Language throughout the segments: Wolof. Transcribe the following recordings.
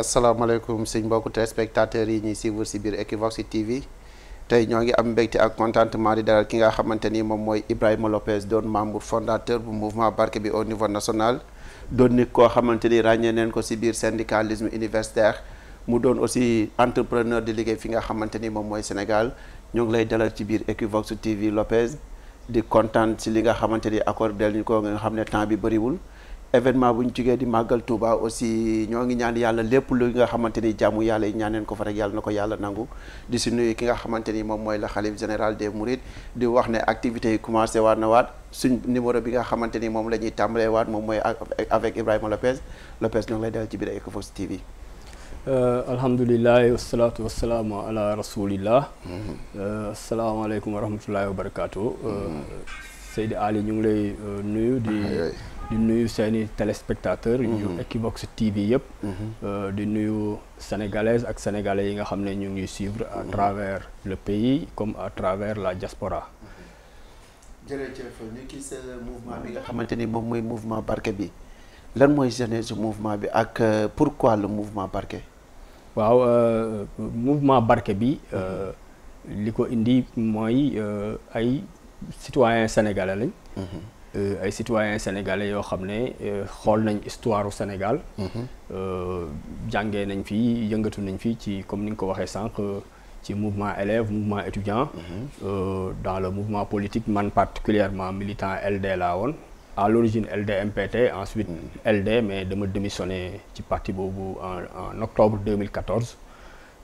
asalaamaaleykum suñ mbokkut téléspectateurs yi ñuy suivre si biir Equivox TV tey ñoo ngi am mbégte ak contentement di dalal ki nga xamante ni moom mooy Ibrahima Lopez doon membre fondateur bu mouvement barke bi au niveau national doon nit koo xamante ni ràññee neen ko si biir syndicalisme universitaire mu doon aussi entrepreneur di liggéey fi nga xamante ni moom mooy Sénégal ñoo ngi lay dalal ci biir Equivox TV Lopez di kontaan si li nga xamante ni accordé ñu ko nga xam ne temps bi bëriwul. événement bu ñu jugee di màggal Touba aussi ñoo ngi ñaan yàlla lépp lu nga xamante ni jàmmu yàlla yi ñaaneen ko fa rek yàlla na ko yàlla nangu di si nuyu ki nga xamante ni moom mooy la xalif général des Mourides di wax ne activités yi commencé waat na waat suñ numéro bi nga xamante ni moom la ñuy tàmbalee waat moom mooy avec Ibrahima Lopez Lopez ñoo ngi lay dalal ci biir Equivox TV. Euh, alhamdulilah wasalaatu wasalaamu ala rasulillah. Mm-hmm. Euh, asalaamaaleykum wa rahmatullahi wa barakaatu. Euh, mm-hmm. Seydi Ali ñu ngi lay nuyu di. di nuyu seeni téléspectateurs yu mhm. Equivox TV yëpp mhm. euh, di nuyu sénégalaises ak sénégalais yi nga xam ne ñu ngi suivre à mhm. travers le pays comme à travers la diaspora jërëjëf ñu gis euh, mouvement bi nga xamante ni moom mooy mouvement barke bi lan mooy genèse mouvement bi ak euh, pourquoi le mouvement barke waaw mouvement barke bi li ko indi mooy ay citoyens sénégalais lañ Euh, ay citoyens sénégalais yoo xam ne euh, xool nañ histoire u Sénégal. Mhm. Euh, jàngee nañ fi yëngatu nañ fi ci comme ni nga ko waxee sànq ci mouvement élèves mouvement étudiant. Mhm. dans le mouvement politique man particulièrement militant LD laa woon. à l'origine LD MPT ensuite mhm. LD mais dama démissionné ci parti boobu en en octobre 2014.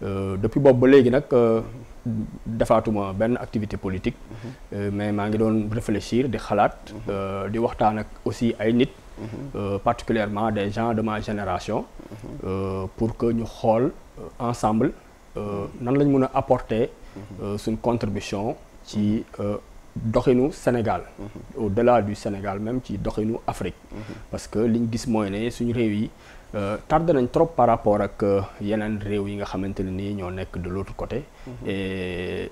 Euh, depuis boobu ba léegi nag euh, defaatuma benn activité politique euh, mais maa ngi doon réfléchir di xalaat mhm. di waxtaan ak aussi ay nit mhm. particulièrement des gens de ma génération mhm. pour que ñu xool ensemble nan lañ mun a apporter suñ contribution ci doxinu Sénégal au-delà du Sénégal même ci doxinu Afrique parce que liñ gis mooy ne suñu réew yi Euh, tardé nañ trop par rapport ak euh, yeneen réew yi nga xamante ne nii ñoo nekk du l'autre côté. Mhm. et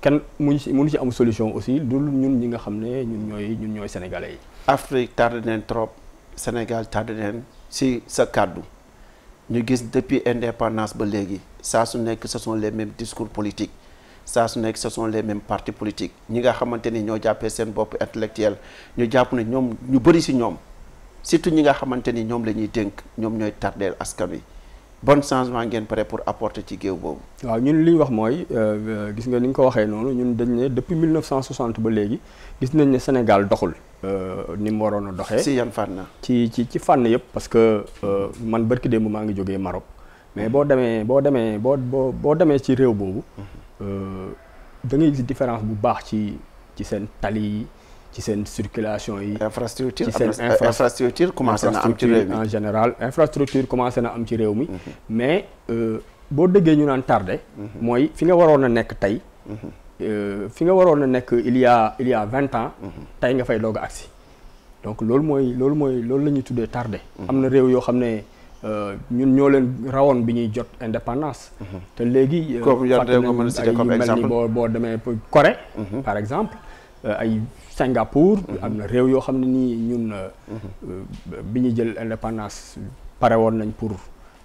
kenn mu si mënu ci am solution aussi dul ñun ñi nga xam ne ñun ñooy ñun ñooy sénégalais yi. Afrique tardé nañ trop Sénégal tardé neen si sa kàddu ñu gis depuis indépendance ba léegi saa su nekk ce sont les mêmes discours politiques. saa su nekk sa son les mêmes partis politiques ñi nga xamante ni ñoo jàppee seen bopp intellectuel ñu jàpp ne ñoom ñu bëri si ñoom surtout ñi nga xamante ni ñoom la ñuy dénk ñoom ñooy tardeel askan wi bon changement ngeen pare pour apporter ci géew boobu. waaw ñun li wax mooy euh, euh, gis nga ni nga ko waxee noonu ñun dañ ne depuis 1960 ba léegi gis nañ ne Sénégal doxul. Euh, ni mu waroon a doxee. si yan fànn. ci ci ci fànn yëpp parce que man barki démb maa ngi jógee Maroc mais boo demee boo demee boo boo boo demee ci réew boobu mhm. da gis différence bu baax ci ci seen tali yi. ci seen circulation yi. infrastructure ci seen infrastructure commencé na am ci réew mi en général infrastructure commencé na am ci réew mi. mais euh, boo déggee ñu naan tardé. mooy fi nga waroon a nekk tey. Euh, fi nga waroon a nekk il y a il y vingt ans. tey nga fay doog a agsi donc loolu mooy loolu mooy loolu la ñuy tuddee tardé. am na réew yoo xam ne euh, ñun ñoo leen rawoon bi ñuy jot indépendance. te léegi. kooku yor réew nga mën a citer comme exemple boo boo demee Corée. par exemple ay. Singapour. am na réew yoo xam ne nii ñun. Euh, euh, bi ñuy jël indépendance pare woon nañ pour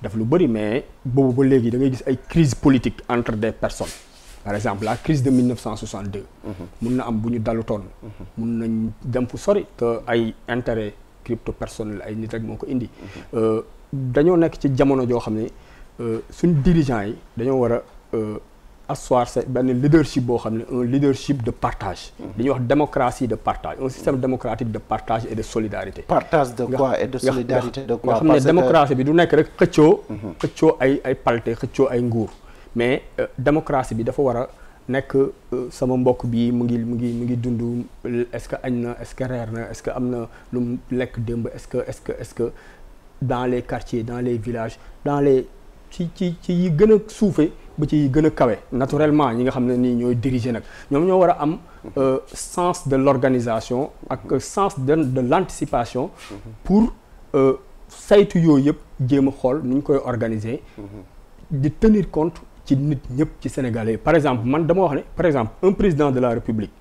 def lu bari mais boobu ba léegi da ngay gis ay crise politique entre des personnes par exemple la crise de 1962. mun na am bu ñu dalutoon. mun nañ dem fu sori te ay intérêt crypto personnel ay nit rek moo ko indi. Euh, dañoo nekk ci jamono joo xam ne suñ dirigeants yi dañoo war asseoir sa benn leadership boo xam ne un leadership de partage. Mm-hmm. li wax démocratie de partage un système démocratique de partage et de solidarité. partage de quoi et de solidarité de quoi. xam ne démocratie bi du nekk rek xëccoo. Mm-hmm. xëccoo ay ay palte xëccoo ay nguur. mais euh, démocratie bi dafa war a nekk euh, sama mbokk bi mu ngi mu ngi mu ngi dund est-ce que añ na est-ce que reer na est-ce que am na lu mu lekk démb est-ce que est-ce que est-ce que dans les quartiers dans les villages dans les ci ci ci yi gën a suufe ba ci gën a kawe naturellement ñi nga xam ne nii ñooy diriger nag ñoom ñoo war a am euh, sens de l'organisation ak sens de de l'anticipation pour euh, saytu yooyu yëpp jéem a xool nu ñu koy organiser di tenir compte ci nit ñëpp ci sénégalais par exemple man dama wax ne par exemple un président de la république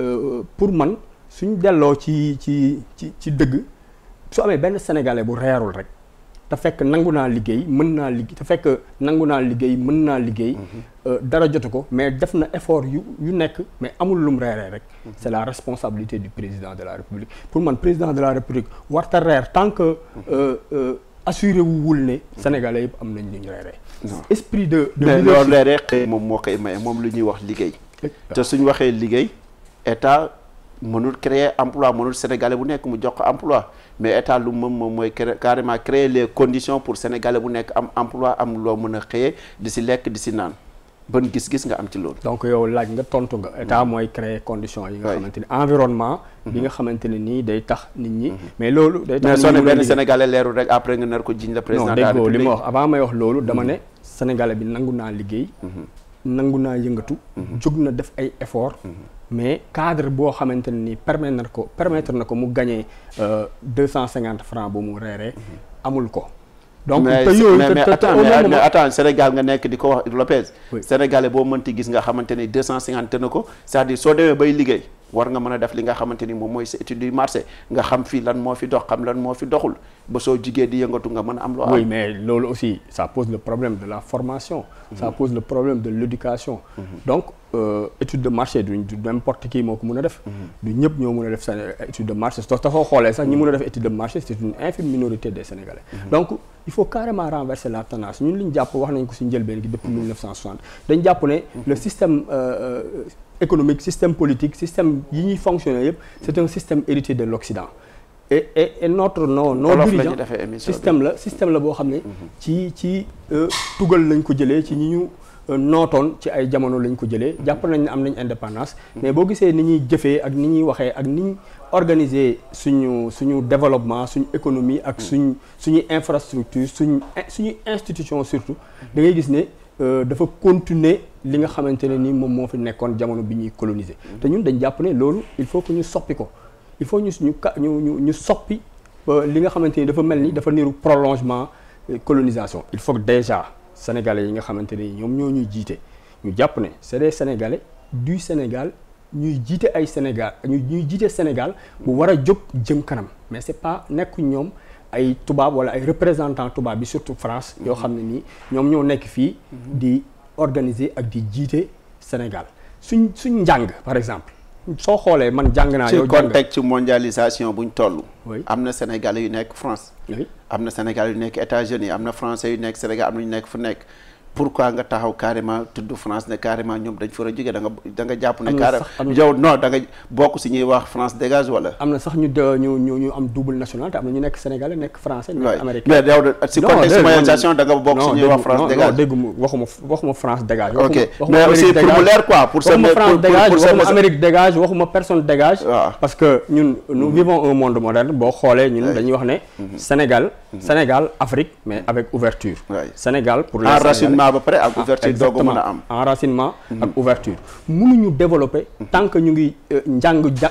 euh, pour man suñ delloo ci ci ci ci dëgg su amee benn sénégalais bu reerul rek te fekk nangu naa liggéey mën naa liggéey te fekk nangu naa liggéey mën naa liggéey dara jotu ko mais def na effort yu yu nekk mais amul lum reeree rek mhm. c'est la responsabilité du président de la république pour man président de la république warta reer tant que mhm. euh, euh, assuré wu wul ne sénégalais yëpp am nañ lu ñu reeree esprit de loolu reeree xëy moom moo koy maye moom lu ñuy wax liggéey te suñ waxee liggéey état mënul créer emploi mënul sénégalais bu nekk mu jox ko emploi mais état lu moom moom mooy carrément créer les conditions pour sénégalais bu nekk am emploi am loo mën a xëyee di si lekk di si naan ban gis-gis nga am ci loolu. donc yow laaj nga tontu nga état mm-hmm. mooy créer condition yi mm-hmm. nga xamante ni environnement. bi nga xamante ne nii day tax nit ñi. Mm-hmm. mais loolu day tax mais soo ne rek après nga nar ko jiñ la président de li ma wax avant may wax loolu dama ne sénégalais bi nangu naa liggéey. nangu naa yëngatu. jóg na def ay effort mais cadre boo xamante ne nii permettre na ko permettre na ko mu gagner euh, deux cent cinquante francs bu mu reeree mhm. amul ko donc te yooyu mais mais attends Sénégal nga nekk di ko wax Lopez. Sénégalais boo mënti gis nga xamante ni deux cent cinquante na ko c'est-à-dire soo demee bay liggéey war nga li nga xamante ni moom mooy sa étude du nga xam fii lan moo fi dox xam lan moo fi doxul ba soo jigee di yëngatu nga mën a am. loo am oui mais aussi ça pose problème de la formation. ça mhm. pose de l'éducation. Mhm. donc euh, étude marché du n'importe qui moo ko mun a def. Mhm. du ñëpp ñoo mun a def sa euh, étude de marché soo ko xoolee sax ñi mën a def étude de marché c'est une infime minorité des Sénégalais il faut carrément renverser la tendance ñun li ñu jàpp wax nañ ko si njëlbeen gi depuis 1960 dañ jàpp ne le système euh, euh, économique système politique système yi ñuy fonctionner yëpp c'est système hérité de l'Occident système la système la boo xam ne mhm. ci ci euh, tugal lañ ko jëlee ci ñi ñu nootoon ci ay jamono lañ ko jëlee jàpp nañ ne am nañ indépendance mais boo gisee ni ñuy jëfee ak ni ñuy waxee ak ni ñuy organiser suñu suñu développement suñu économie ak suñ suñuy infrastructure suñ suñuy institution surtout da ngay gis ne euh, dafa continuer li nga xamante ne ni moom moo fi nekkoon jamono bi ñuy coloniser te ñun dañ jàpp ne loolu il faut que ñu soppi ko il faut ñu ñu ka ñu ñu ñu soppi euh, li nga xamante ni dafa mel ni dafa niru prolongement euh, colonisation il faut déjà sénégalais yi nga xamante ni ñoom ñoo ñuy jiite ñu jàpp ne c'est des du Sénégal ñuy jiite ay Sénégal ñuy jiite Sénégal bu war a jóg jëm kanam mais c'est pas nekk ñoom ay tubaab wala ay représentants tubaab bi surtout France yoo xam ne nii ñoom ñoo nekk fii mhm. di organiser ak di jiite Sénégal suñ suñ njàng par exemple soo xoolee man jàng naa. yow ci contexte mondialisation buñ toll. am na sénégalais yu nekk France. am na sénégal yu nekk États-Unis am na français yu nekk Sénégal am na ñu nekk fu nekk. pourquoi nga taxaw carrément tudd France ne carrément ñoom dañ fa war a jógee jàpp ne carrément yow non bokk si ñuy wax France dégage wala am na sax ñu am double nationalité am na ñu nekk sénégalais nekk français nekk Amérique dégage waxuma personne dégage parce que ñun nous mm-hmm. vivons un monde moderne boo xoolee ñun dañuy wax ne mm-hmm. Sénégal mm-hmm. Sénégal Afrique mais avec ouverture Sénégal pour les A ba pare ak ah, ouverture doog a mën a am enracinement mm-hmm. ak ouverture mënuñu développer tant que ñu ngi euh, njàng ja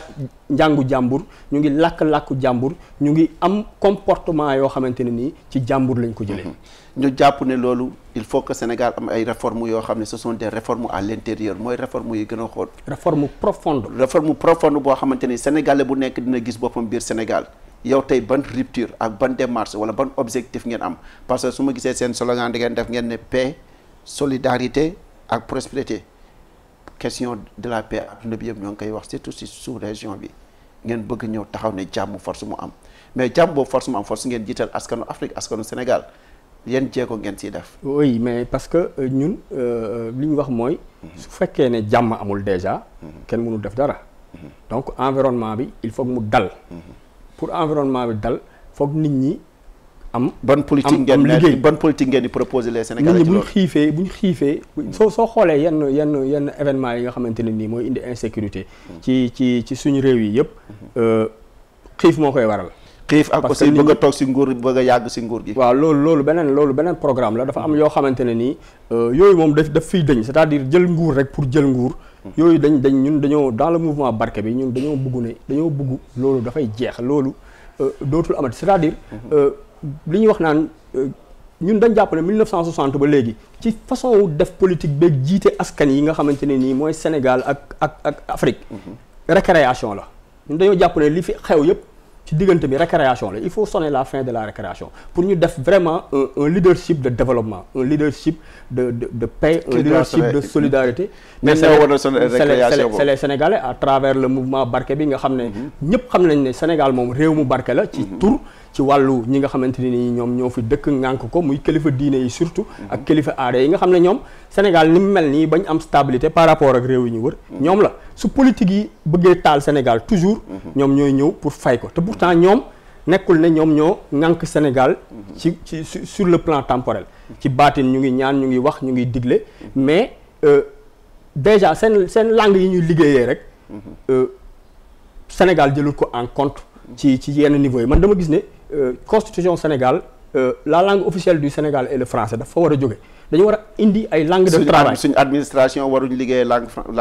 njàngu jàmbur ñu ngi làkk-làkku jàmbur ñu ngi am comportement yoo xamante ne nii ci jàmbur lañ ko jëlee mm-hmm. ñu jàpp ne loolu il faut que Sénégal am ay réformes yoo xam ne ce sont des réformes à l'intérieur mooy réformes yi gën a xool réforme profonde réforme profonde boo xamante ni Sénégalais bu nekk dina gis boppam biir Sénégal yow tey ban rupture ak ban démarche wala ban objectif ngeen am parce que su ma gisee seen slogan da ngeen solidarité ak prospérité question de la paix adduna bi yëpp ñoo ngi koy wax surtout si sous région bi ngeen bëgg ñëw taxaw ne jàmm force mu am mais jàmm boobu force mu am force ngeen jiital askanu Afrique askanu Sénégal yan jéego ngeen ciy def. oui mais parce que euh, ñun euh, li ñu wax mooy. Mhm. su fekkee ne jàmm amul déjà. Mhm. kenn mënul def dara. Mhm. donc environnement bi il faut mu dal. pour environnement bi dal foog nit ñi. am ban politique ngeen liggéey ban politique ngeen di proposer les Sénégalais bu ñu xiifee bu ñu xiifee soo soo xoolee yenn yenn yenn événement yi nga xamante ne nii mooy indi insécurité hmm. ci ci ci suñu réew yi yëpp hmm. euh, xiif moo koy waral xiif ak aussi bëgg a toog si nguur bëgg a yàgg si nguur gi waaw loolu loolu beneen loolu beneen programme la dafa am yoo xamante ne nii euh, yooyu moom daf daf fiy dañ c'est-à-dire jël nguur rek pour jël nguur hmm. yooyu dañ dañ ñun dañoo dans le mouvement barke bi ñun dañoo bugg ne dañoo bëgg loolu dafay jeex loolu euh, dootul amati cest li ñuy wax naan euh, ñun dañ jàpp ne 1960 ba léegi ci façon wu def politique beeg jiite askan yi nga xamante ne nii mooy Sénégal ak ak ak Afrique. Mm-hmm. récréation la ñun dañoo jàpp ne li fi xew yëpp ci diggante bi récréation la il faut sonner la fin de la récréation pour ñu def vraiment un, leadership de développement un leadership de de de paix. un leadership de solidarité. mais c'est les Sénégalais à travers le mouvement barke bi nga xam ne. Mm-hmm. ñëpp xam nañ ne Sénégal moom réew mu barke la. ci mm-hmm. tur. ci wàllu ñi nga xamante ne ni ñoom ñoo fi dëkk ngànk ko muy kilifa diine yi surtout mhm. ak kilifa aada yi nga xam ne ñoom Sénégal ni mu mel nii bañ am stabilité par rapport ak réew yi ñu wër mhm. ñoom la su politique yi bëggee taal Sénégal toujours mhm. ñoom ñooy ñëw pour fay ko te pourtant ñoom nekkul ne ñoom ñoo ŋànk Sénégal ci ci sur le plan temporel ci baatin ñu ngi ñaan ñu ngi wax ñu ngi digle mais euh, déjà seen seen langue yi ñuy liggéeyee rek euh, Sénégal jëlul ko en compte ci ci yenn niveau yi man dama gis Euh, constitution Sénégal euh, la langue officielle du Sénégal est le français dafa war a jóge dañu war a indi ay langue de travail suñu administration waruñ liggéey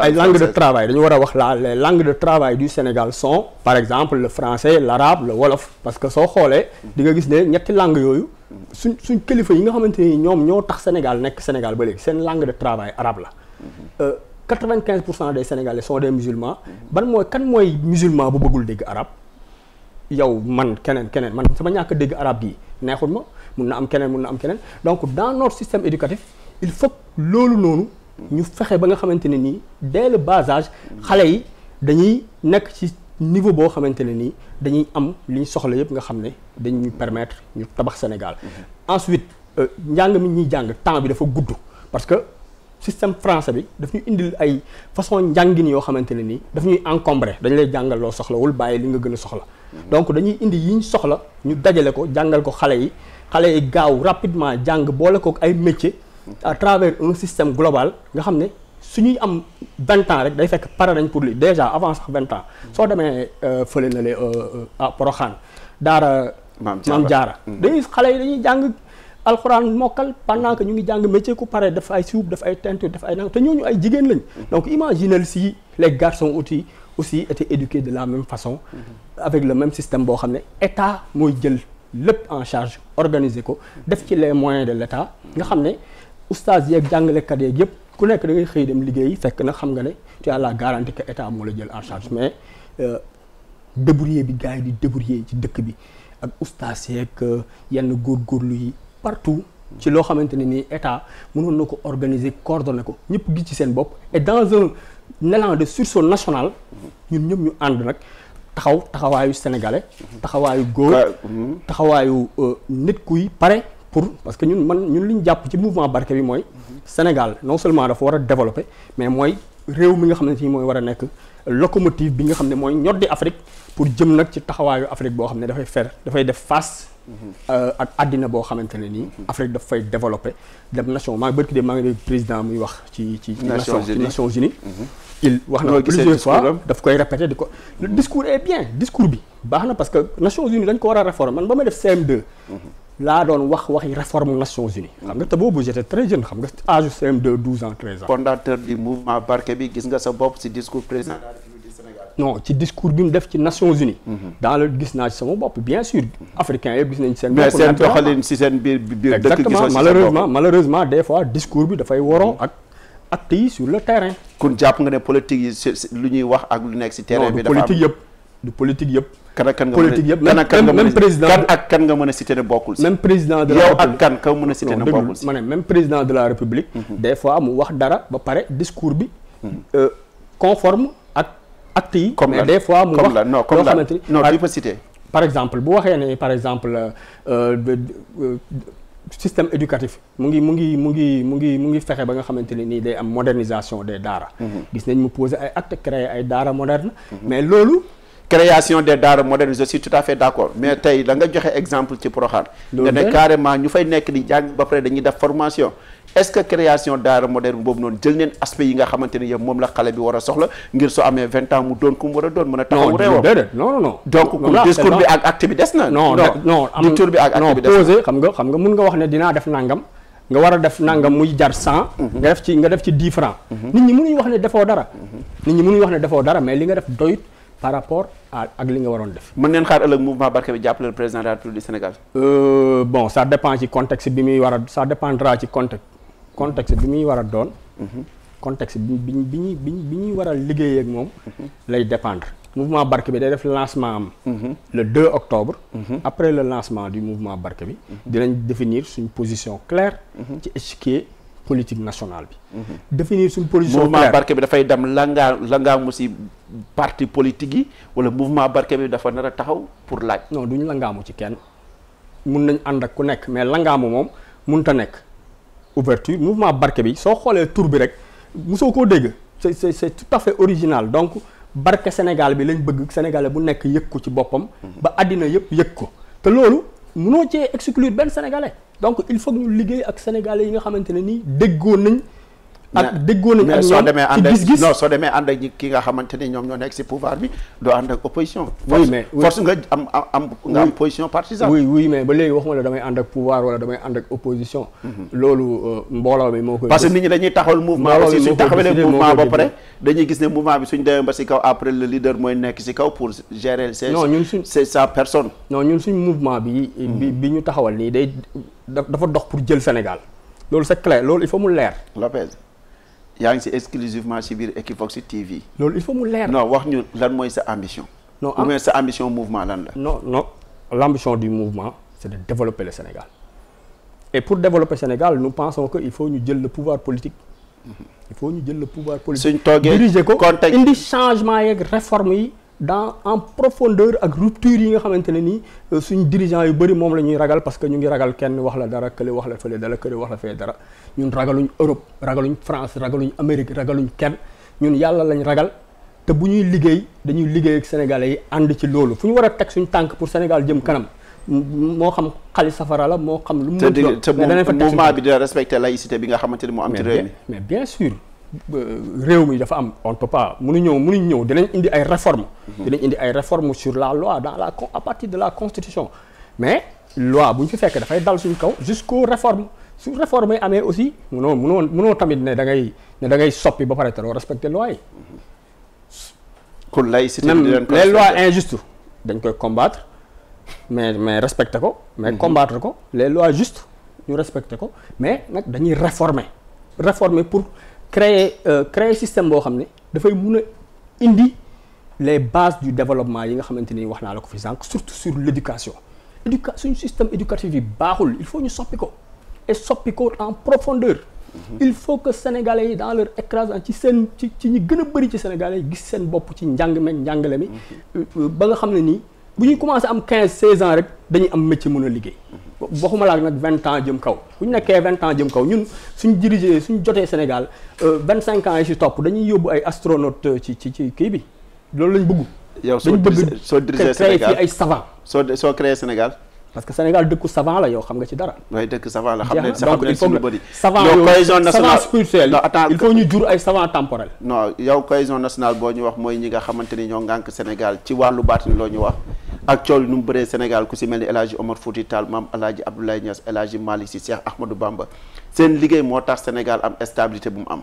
ay langue de travail dañu war a wax la les langues de travail du Sénégal sont par exemple le français l'arabe le wolof parce que soo xoolee di nga gis ne ñetti langue yooyu suñ suñ kilifa yi nga xamante ni ñoom ñoo tax Sénégal nekk Sénégal ba léegi seen langue de travail arabe la euh, quatre-vingt-quinze pour cent des Sénégalais sont des musulmans ban mooy kan mooy musulman bu dégg arabe yow man keneen keneen man sama ñàkk dégg arab gi neexul ma mun na am keneen mun na am keneen donc dans notre système éducatif il faut loolu noonu ñu fexe ba nga xamante ne nii dès le bas xale yi dañuy nekk ci niveau boo xamante ne nii dañuy am li ñu soxla yëpp nga xam ne dañuy permettre ñu tabax Sénégal mhm. ensuite euh, njàng mi ñuy jàng temps bi dafa gudd parce que système français bi daf ñu indil ay façon njàngin yoo xamante ne nii daf ñuy encombré dañ lay jàngal loo soxlawul bàyyi li nga gën a soxla hmm. donc dañuy indi yi ñu soxla ñu dajale ko jàngal ko xale yi xale yi gaaw rapidement jàng boole ko ay métier à travers un système global nga xam ne su ñuy am vingt ans rek day fekk pare dañ pour li déjà avant sax vingt ans hmm. soo demee euh, fële na le euh, euh, à Porokhane daara maam jaara hmm. dañuy xale yi dañuy jàng alxuraan mokkal pendant ñu ngi jàng métier ku pare def ay soupe def ay teinture def ay nang te ñooñu ay jigéen lañ mm-hmm. donc imaginez si les garçons aussi aussi étaient éduqués de la même façon mm-hmm. avec le même système boo xam ne état mooy jël lépp en charge organiser ko def ci les moyens de l'état nga xam ne oustaz yeeg jàngalekat yeeg yëpp ku nekk da ngay xëy dem liggéey fekk na xam nga ne tu as la garantie que état moo la jël en charge mais euh, débrouiller bi gars yi di ci dëkk bi ak oustaz euh, yenn góorgóorlu yi partout ci loo xamante ne nii état mënoon na ko organiser coordonné ko ñëpp gis ci seen bopp et dans un élan de sursaut national ñun ñëpp ñu ànd nag taxaw taxawaayu sénégalais taxawaayu góor mm-hmm. taxawaayu euh, nit kuy pare pour parce que ñun man ñun li ñu jàpp ci mouvement barke bi mooy Sénégal non seulement dafa war a développer mais mooy réew mi nga xam ne fii mooy war a nekk locomotive bi nga xam ne mooy ñoddi Afrique pour jëm nag ci taxawaayu Afrique boo xam ne dafay fer dafay def face Euh, ak àddina boo xamante ne nii. Mhm. Afrique daf fay développé dem nation maa bërki de maa ngi dégg président muy wax ci ci. Nations Unies mhm. il wax na plusieurs fois daf koy répété di ko. le discours est bien discours bi baax na parce que Nations Unies dañ ko war a réformer man ba may def cm mhm. laa doon wax waxi réforme Nations Unies. xam nga te boobu j'étais très jeune xam nga âge CM2 12 ans 13 bi gis nga sa bopp si président. Sénégal non ci discours bi mu def ci Nations Unies mhm. dans le gis naa ci sama bopp bien sûr mhm. africains yëpp gis nañ seen bopp mais seen doxalin si seen biir biir dëkk exactement malheureusement malheureusement des fois discours bi dafay waroo ak actes yi nga ne politique yi lu ñuy wax ak lu nekk si terrain bi dafa am politique yëpp du politique yëpp kan ak kan yëpp kan ak président ak kan mën si même président de la yow kan ka mën a cité ne bokkul si ma ne même président de mhm. fois mu wax dara ba pare discours bi euh, conforme actes yi. comme mais des fois mu wax loo xamante ni non tu peux citer. par exemple bu waxee ne par exemple euh, euh, euh, système éducatif mu ngi mu ngi mu ngi mu ngi mu ngi fexe ba nga xamante ne nii day am modernisation des daara. Mhm. gis nañ mu poser ay actes créer ay daara moderne mhm. mais loolu. création des daara modernes je suis tout à fait d'accord mais mm. tey da joxe exemple ci Proxaan da ne ñu fay nekk di jàng ba pare dañuy def formation est-ce que création daara moderne boobu noonu jël neen aspect yi nga xamante ne moom la xale bi war a soxla ngir soo amee vingt ans mu doon ku war a doon mën a taxawu réewam non non non donc discours bi ak acte bi des na non non discours bi ak acte bi des na posé xam nga xam nga mun nga wax ne dinaa def nangam nga war a def nangam muy jar cent mhm. nga def ci nga def ci dix francs mhm. nit ñi mënuñu wax ne defoo dara mhm. nit ñi mënuñu wax ne defoo dara mais li nga def doyut par rapport ak li nga waroon def. mën neen xaar ëllëg mouvement barke bi jàppale président de la République du Sénégal. Euh, bon ça dépend ci contexte bi muy war a ça dépendra ci contexte contexte bi muy war a doon. Mhm. contexte bi bi bi bi ñuy war a liggéeyee ak moom. lay dépendre mouvement barke bi day def lancement am. Mhm. le 2 octobre. Mhm. après le lancement du mouvement barke bi. dinañ définir suñ position claire. ci échiquier. politique nationale bi. Mhm. définir suñu position. mouvement barke bi dafay dem langaa langaamu si parti politique yi wala mouvement barke bi dafa nar a taxaw pour laaj. non duñu langaamu ci kenn mun nañ ànd ak ku nekk mais langaamu moom munta nekk ouverture mouvement barke bi soo xoolee tour bi rek mosoo koo dégg c'est c'est c'est tout à fait original donc barke Sénégal bi lañ bëgg Sénégalais bu nekk yëg ko ci boppam. Mhm. ba àddina yëpp yëg ko te loolu munoo cee exclure benn Sénégalais. donc il faut ñu liggéey ak sénégalais yi nga xamante ne nii déggoo nañ ak déggoo nañ ak ñoom ci gis-gis soo demee ànd ak ki nga xamante ni ñoom ñoo nekk si pouvoir bi doo ànd ak opposition mais force nga am am nga am position partisane oui oui mais ba léegi waxuma la damay ànd ak pouvoir wala damay ànd ak opposition mhm. loolu euh, mbooloo mi moo koy parce que nit ñi dañuy taxawal mouvement aussi suñ taxawalee mouvement ba bi suñ demee ba si kaw après le leader mooy nekk si kaw pour gérer ses non ñun suñ sa personne suñ mouvement bi bi mhm. ñu taxawal nii loolu c'est clair mu leer Lopez yaa ngi si exclusivement si biir Equivox TV. loolu il faut mu leer. no wax ñu lan mooy sa ambition. non ou bien sa ambition mouvement lan la. non non l' ambition du mouvement c' est de développer le Sénégal et pour développer Sénégal nous pensons que il faut ñu jël le pouvoir politique. Mhm. il faut ñu jël le pouvoir politique. suñ toogee diriger ko indi changement yeeg réforme yi. dans en profondeur ak rupture yi nga xamante ne ni euh, suñu dirigeant yu bëri moom la ñuy ragal parce que ñu ngi ragal kenn wax la dara kële wax la fële dara kële wax la fee dara ñun ragaluñ Europe ragaluñ France ragaluñ Amérique ragaluñ kenn ñun yàlla lañ ragal te bu ñuy liggéey dañuy liggéey ak sénégalais yi ànd ci loolu fu ñu war a teg suñu tànk pour Sénégal jëm kanam moo xam xali safara la moo xam. lu mu mën te mouvement bi dina bi nga xamante ni mu am. ci réew mi Euh, réew mi dafa am on peut pas mënu ñëw mënuñ ñëw dinañ indi ay réformes. Mhm. dinañ indi ay réformes sur la loi dans la à de la constitution mais loi bu ñu fi fekk dafay dal suñu kaw jusqu'aux réformes su réformes yi amee aussi mënoo mënoo munoo tamit ne dangay ne dangay soppi ba pare te doo respecter loi yi. Mhm. kon laïcité même lois injustes dañ koy combattre mais mais respecter ko. mais mhm. combattre ko les lois justes ñu respecter ko mais nag dañuy réformer réformer pour. créer euh, créer système boo xam ne dafay mun a indi les bases du développement yi nga xamante ni wax naa la ko fi sànq surtout sur l' éducation éduca suñu système éducatif yi baaxul il faut ñu soppi ko et soppi ko en profondeur. Mhm. il faut que sénégalais yi dans leur écrasant ci seen ci ci ñi gën a bëri ci sénégalais yi gis seen bopp ci njàng meeg njàngale mi. Mhm. Euh, euh, ba nga xam ne nii. bu ñuy commencé am 15 16 ans rek dañuy am métier mën a liggéey waxuma laa nag vingt ans jëm kaw bu ñu nekkee 20 ans jëm kaw ñun suñ diriger suñ jotee Sénégal 25 euh, ans yi si topp dañuy yóbbu ay astronaute ci ci ci kii bi loolu lañ bëgg. yow soo soo diriger Sénégal ay savant. soo soo créer Sénégal. parce que Sénégal dëkku savant la yow xam nga ci dara. waaye dëkk savant la xam nañ xam nañ suñu bëri. savant yooyu cohésion nationale yow cohésion nationale boo ñu wax mooy ñi nga xamante ni ñoo ngànk Sénégal ci wàllu baatin loo ñu wax. ak coow nu mu bëree Sénégal ku si mel ni El Hadj Omar Fouti Tall maam El Hadj Abdoulaye Niass El Hadj Malick Sy Cheikh Ahmadou seen liggéey moo tax Sénégal am stabilité bu mu am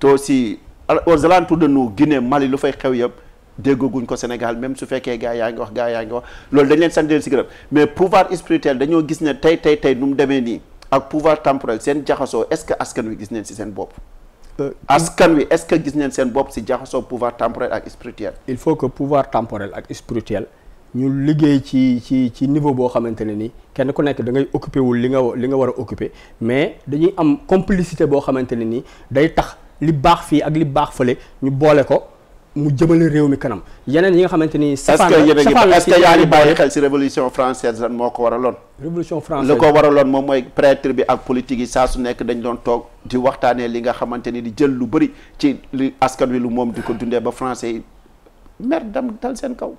te si aux alentours de Mali lu fay xew yëpp déggaguñ ko Sénégal même su fekkee gars yaa ngi wax gars yaa ngi wax loolu dañ leen sant leen si gërëm mais pouvoir spirituel dañoo gis ne tey tey tey nu mu demee nii ak pouvoir temporel seen jaxasoo est-ce que askan wi gis neen si seen bopp. Euh, askan wi est-ce que gis neen seen bopp si jaxasoo pouvoir temporel ak spirituel. il faut que pouvoir temporel ak spirituel ñu liggéey ci ci ci niveau boo xamante ne nii kenn ku nekk da ngay occupé wul li nga li nga war a occupé mais dañuy am complicité boo xamante ne nii day tax li baax fii ak li baax fële ñu boole ko. mu jëmale réew mi kanam yeneen yi nga xamante ni. safaan la est-ce que yaa ngi bàyyi xel si révolution française moo ko waraloon. révolution française li ko waraloon moom mooy prêtre bi ak politique yi saa su nekk dañ doon toog di waxtaanee li nga xamante ni di jël lu bëri ci li askan wi lu moom di ko dundee ba français yi mer dam dal seen kaw.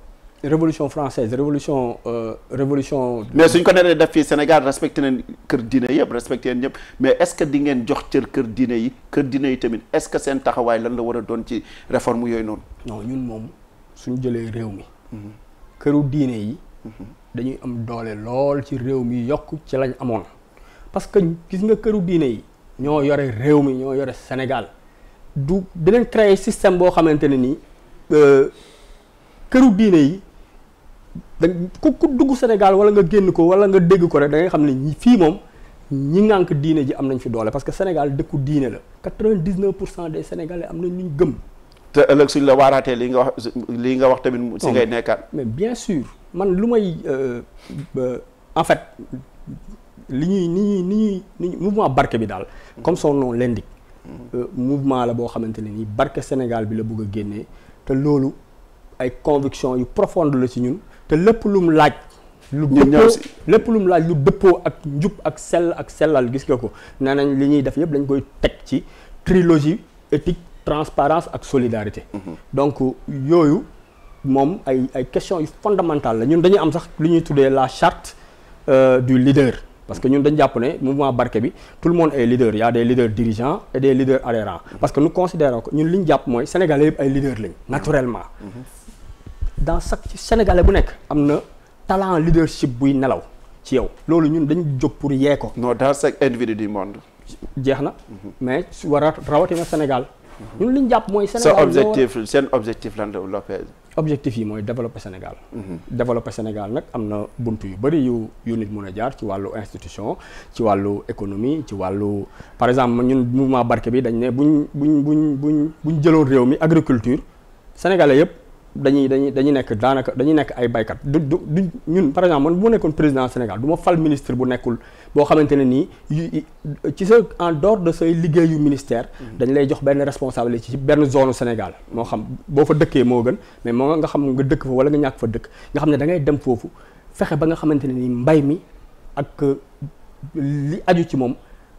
révolution française révolution euh, révolution mais suñ ko nee def fii Sénégal respecté nañ kër diine yëpp respecté nañ ñëpp mais est-ce que di jox cër kër diine yi kër diine yi tamit est-ce que seen taxawaay lan la war a doon ci réforme yooyu noonu non ñun moom suñ jëlee réew mi mhm. këru diine yi mhm. dañuy am doole lool ci réew mi yokk ci lañ amoon parce que gis nga këru diine yi ñoo yore réew mi ñoo yore Sénégal du dinañ créer système boo xamante ne nii euh, këru diine yi da ku ku dugg Sénégal wala nga génn ko wala nga dégg ko rek da ngay xam ne fii moom ñi ngànk diine ji am nañ fi doole parce que Sénégal dëkku diine la quatre vingt dix pour cent des Sénégalais am nañ lu ñu gëm. te ëllëg suñ la waaraatee li nga wax li nga wax tamit. si ngay nekkaat. mais bien sûr man lu may euh, euh, en fait li ñuy ni ñuy ni ñuy mouvement barke bi daal. comme son nom l'indique. Euh, mouvement la boo xamante ne nii barke Sénégal bi la bugg a génnee te loolu ay conviction yu profonde la ci ñun. te lépp lum laaj. lu dëppoo lépp lum laaj lu dëppoo ak njub ak sell ak sellal gis nga ko nee nañ li ñuy def yëpp dañ koy teg ci trilogie éthique transparence ak solidarité. Mhm. donc yooyu moom ay ay questions yu fondamentales la ñun dañuy am sax li ñuy tuddee la charte euh, du leader. parce que ñun dañ jàpp ne mouvement barke bi tout le monde est leader il y a des leaders dirigeants et des leaders adhérents mhm. parce que nous considérons ko ñun li ñu jàpp mooy sénégalais yëpp ay leaders lañ naturellement mhm. dans sac ci Sénégalais bu nekk am na talent leadership buy nelaw ci yow loolu ñun dañ jóg pour yee ko. non dans chaque individu du monde. jeex na mais su war a rawatina Sénégal. Mhm. ñun li ñu jàpp mooy. Sénégal sa objectif seen objectif lan la objectif yi mooy développer Sénégal. Mhm. développer Sénégal nag am na buntu yu bëri yu yu nit mën a jaar ci wàllu institution ci wàllu économie ci wàllu par exemple ñun mouvement barke bi dañ ne buñ buñ buñ buñ buñ jëloon réew mi agriculture sénégalais yëpp. dañuy dañuy dañuy nekk daanaka dañuy nekk ay baykat du du du ñun par exemple man bu nekkoon président Sénégal du ma fal ministre bu nekkul boo xamante ne nii ci sa en dehors de say liggéeyu ministère. Mm-hmm. dañ lay jox benn responsabilité ci benn zone Sénégal moo xam boo fa dëkkee moo gën mais moo nga xam nga dëkk fa wala nga ñàkk fa dëkk nga xam ne da dem foofu fexe ba nga xamante ne nii mbay mi ak euh, li aju ci moom.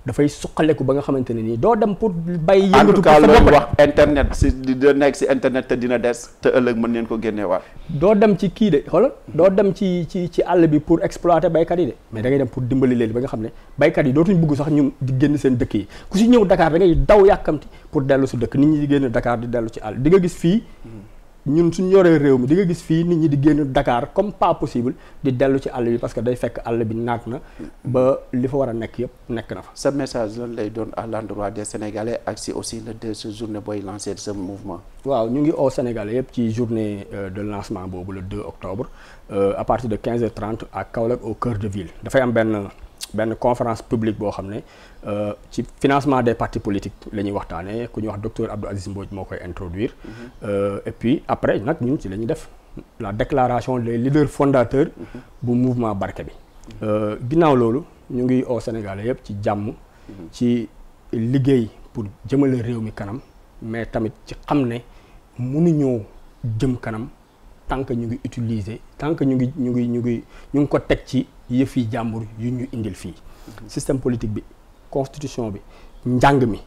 dafay suqaleku ba nga xamante ne nii doo dem pour bay yëngatu ko sa bopp wax internet si da nekk si internet te dina des te ëllëg mën neen ko génneewaat doo dem ci kii de xoolal doo dem ci ci ci àll bi pour exploiter baykat yi de mais da dem pour dimbali leen ba nga xam ne baykat yi dootuñ bugg sax ñun génn seen dëkk yi ku si ñëw dakaar dangay daw yàkkamti pour dellu su dëkk nit ñi di génn Dakar di dellu ci àll di nga gis fii ñun suñ yoree réew mi di nga gis fii nit ñi di génn dakaar comme pas possible di dellu ci àll bi parce que day fekk àll bi naag na ba li fa war a nekk yëpp nekk na fa. sa message lan lay doon à l'endroit des Sénégalais ak si aussi le de ce journée booy lancé ce mouvement. waaw ñu ngi au Sénégalais yëpp ci journée euh, de lancement boobu le 2 octobre euh, à partir de 15h30 à Kaolack au cœur de ville dafay am benn benn conférence publique boo xam ne. Euh, ci financement des partis politique la ñuy waxtaanee ku ñuy wax docteur Abdou Aziz Mbodj moo koy introduire. Mhm. Euh, et puis après nag ñun ci la ñuy def la déclaration des leaders fondateurs. Mhm. bu mouvement barke bi. Euh, ginnaaw loolu ñu ngi au sénégale yëpp ci jàmm. Mhm. ci liggéey pour jëmale réew mi kanam mais tamit ci xam ne mënuñoo jëm kanam tant que ñu ngi utiliser tant que ñu ngi ñu ngi ñu ngi ñu ngi ko teg ci yëf jàmbur yu ñu indil fii. système politique bi. constitution bi njàng mi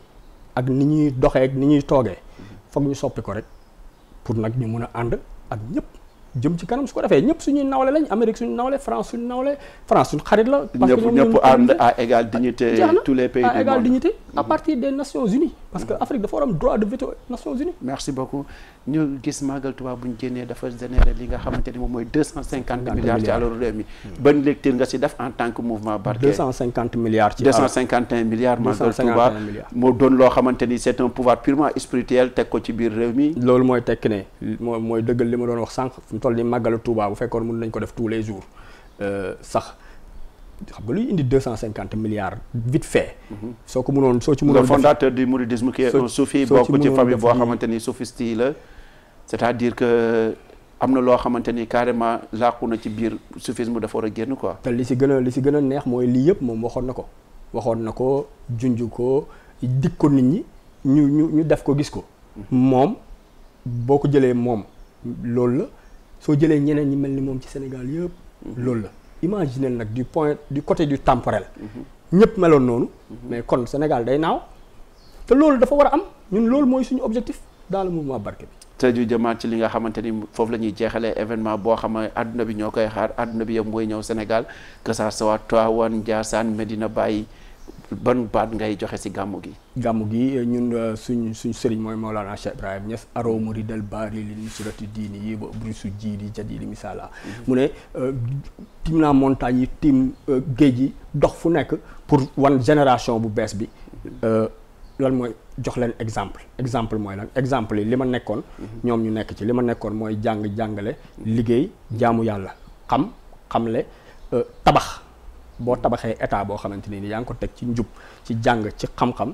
ak ni ñuy doxee ni ñuy toogee foog ñu soppi ko rek pour nag ñu mun a ànd ak ñëpp jëm ci kanam su ko defee ñëpp suñuy nawle lañ Amérique suñu nawle France suñu nawle France suñu xarit la. parce que ñëpp ñëpp ànd à égale dignité tous les pays du monde à égale dignité à partir des Nations Unies. parce que Afrique dafa war am droit de veto Nations Unies. merci beaucoup ñu gis Magal Touba bu ñu génnee dafa généré li nga xamante ni moom mooy deux cent cinquante milliards ci alalu réew mi. ban lecture nga si def en tant que mouvement barke. deux cent cinquante milliards ci. deux cent cinquante un milliards Magal Touba moo doon loo xamante ni pouvoir purement spirituel teg ko ci biir réew mi. loolu mooy tekk ne mooy mooy li ma doon wax sànq fi mu toll nii Magalu Touba bu fekkoon mën nañ ko def tous les jours euh, xam nga luy indi deux cent cinquante milliards vite fait. Mhm. soo ko mënoon soo ci mënoon. le fondateur du mouridisme qui est un soufi bokk ci famille boo xamante ni soufiste yi la c'est-à-dire que euh, am na loo xamante ni carrément làqu na ci biir soufisme dafa war a génn quoi. te li si gën a li si gën a neex mooy lii yëpp moom waxoon na ko waxoon na ko junj ko dig ko nit ñi ñu ñu ñu def ko gis ko. Mhm. moom boo ko jëlee moom loolu la soo jëlee ñeneen ñi mel ni moom ci Sénégal yëpp. Mhm. loolu la. imaginel nag du point du côté du temporel. ñëpp meloon noonu. mais kon Sénégal day naaw. te loolu dafa war a am ñun loolu mooy suñu objectif daal le mouvement barke bi. ju jëmaat ci li nga xamante ni foofu la ñuy jeexalee événement boo xam ne àdduna bi ñoo koy xaar àdduna bi yëpp mooy ñëw Sénégal que ça soit Tivaouane Ndiassane Medina bàyyi ban baat ngay joxe si gàmmu gi. gàmmu gi eh, ñun eh, suñ suñ sëriñ mooy Maolana Cheikh Ibrahima Niass aroomu ridal baari li nusrati diini yi ba brisu ji di jadi li misaala mm-hmm. mu ne eh, tim naa montagne yi tim géej yi dox fu nekk pour wan génération bu bees bi mm-hmm. lan mooy jox leen exemple exemple mooy lan exemple yi li ma nekkoon mm-hmm. ñoom ñu nekk ci li ma nekkoon mooy jàng jàngale liggéey jaamu yàlla xam xamle tabax boo tabaxee état boo xamante ni yaa ngi ko teg ci njub ci jàng ci xam-xam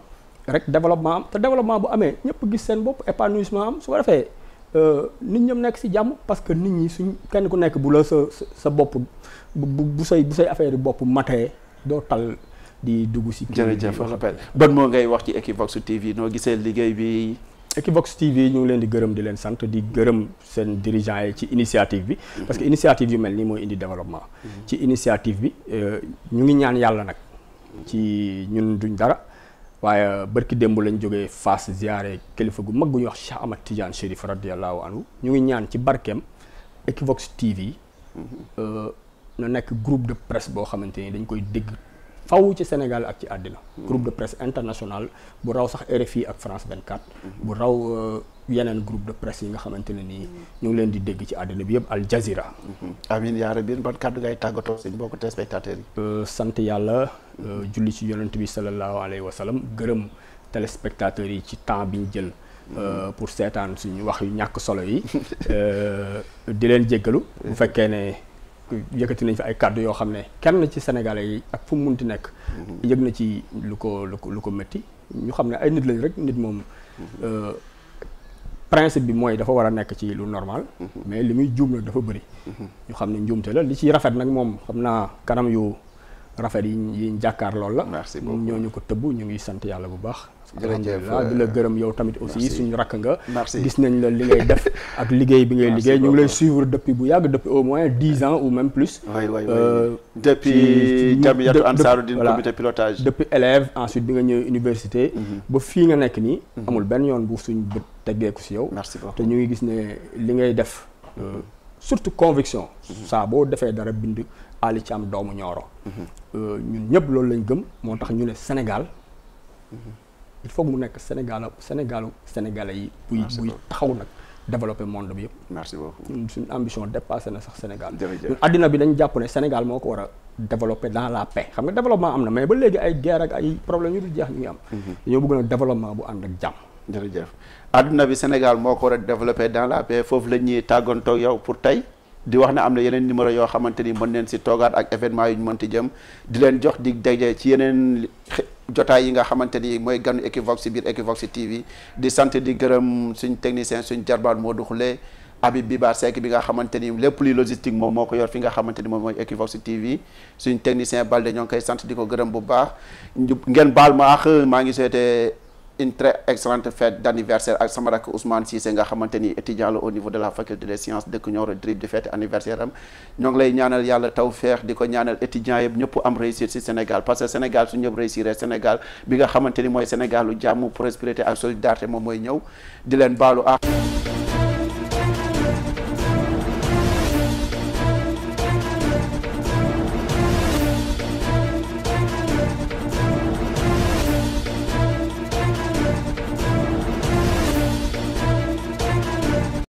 rek développement am te développement bu amee ñëpp gis seen bopp épanouissement am su ko defee euh, nit ñoom nekk si jàmm parce que nit ñi suñ kenn ku nekk bu la sa sa bopp bu bu say bu say affaire bopp matee doo tal di dugg si. jërëjëf rappel ban moo ngay wax ci Equivox TV noo gisee liggéey bii Equivox TV ñu ngi leen di gërëm di leen sant di gërëm seen dirigeants yi ci initiative bi parce que initiative yu mel nii mooy indi développement mm-hmm. ci initiative bi euh, ñu ngi ñaan yàlla nag ci ñun duñ dara waaye euh, bërki démb lañ jógee Fass ziare kilifa gu mag gu ñuy wax Cheikh Ahmad Tidiane Chérif radiyallahu anhu ñu ngi ñaan ci barkeem Equivox TV mm-hmm. euh, na nekk groupe de presse boo xamante ni dañ koy dégg faw ci Sénégal ak ci àddina groupe de presse international bu raw sax RFI ak France 24 bu raw euh, yeneen groupe de presse yi nga xamante ne nii ñu ngi leen di dégg ci àddina bi yëpp Al Jazeera amiin yaa rabbi ban kàddu ngay tàggatoo boo mbokk téléspectateurs yi euh, sant yàlla euh, julli ci yonent bi sallallahu alayhi wa sallam gërëm téléspectateurs yi ci temps bi ñu jël pour seetaan suñu wax yu ñàkk solo yi di leen jéggalu bu fekkee ne yëkkati nañ fi ay kàddu yoo xam ne kenn ci sénégalais yi ak fu mun munti nekk. Mhm. yëg na ci lu ko lu ko lu ko métti ñu xam ne ay nit lañ rek nit moom. Mhm. Euh, principe bi mooy dafa war a nekk ci lu normal. Mhm. mais li muy juum la dafa bëri. ñu xam ne njuumte la li ci rafet nag moom xam naa kanam yu rafet yi yi jàkkaar lool la. merci beaucoup ñooñu ko tëbb ñu ngi sant yàlla bu baax. jërëjëf di la euh, gërëm yow tamit aussi suñu rakk nga gis nañ la li ngay def ak liggéey bi ngay liggéey ñu ngi lay suivre depuis bu yàgg depuis au moins dix ans ou même plus oui, oui, euh, oui. depuis jamiyatu Ansaarud-Din élève ensuite bi nga ñëw université mhm. ba fii nga nekk nii mhm. amul benn yoon bu suñ bët teggeeku si yow merci beaucoup te ñu ngi gis ne li ngay def euh, surtout conviction mhm. saa boo defee dara bind Ali am doomu ñooro euh, ñun ñëpp loolu lañ gëm moo tax ñu ne Sénégal il faut mu nekk Sénégal Sénégalu Sénégalais yi. buy buy taxaw nag développer monde bi yëpp. merci beaucoup ñun suñu ambition dépassé na sax Sénégal. ñun addina bi dañ jàpp ne Sénégal moo ko war a développer dans la paix xam nga développement am na mais ba léegi ay guerre ak ay problème yu dul jeex ñu ngi am. Mhm. dañoo bëgg nag développement bu ànd ak jàmm. jërëjëf bi Sénégal moo ko war a développer dans la paix foofu la ñuy tàggantoo yow pour tey. di wax ne am na yeneen numéro yoo xamante ni mën neen si toogaat ak événement yu ñu mënti jëm di leen jox di daje ci yeneen jotaay yi nga xamante ni mooy ganu Equivox si biir Equivox TV di sant di gërëm suñ technicien suñ jarbaat moo duxulee Habib Bibar Seck bi nga xamante ni lépp luy logistique moom moo ko yor fi nga xamante ni moom mooy Equivox TV suñ technicien Balde ñoo ngi koy sant di ko gërëm bu baax ngeen baal maa ax maa ngi souhaité une très excellente fête d'anniversaire ak sama rakk Ousmane nga xamante ni étudiant la au niveau de la faculté des sciences dëkk Nioro drib di fête anniversaire am ñoo ngi lay ñaanal yàlla tawfeex di ko ñaanal étudiant yëpp ñëpp am réussir ci Sénégal parce que Sénégal su ñëpp réussir Sénégal bi nga xamante mooy Sénégal jàmm prospérité ak solidarité moom mooy ñëw di leen baalu ah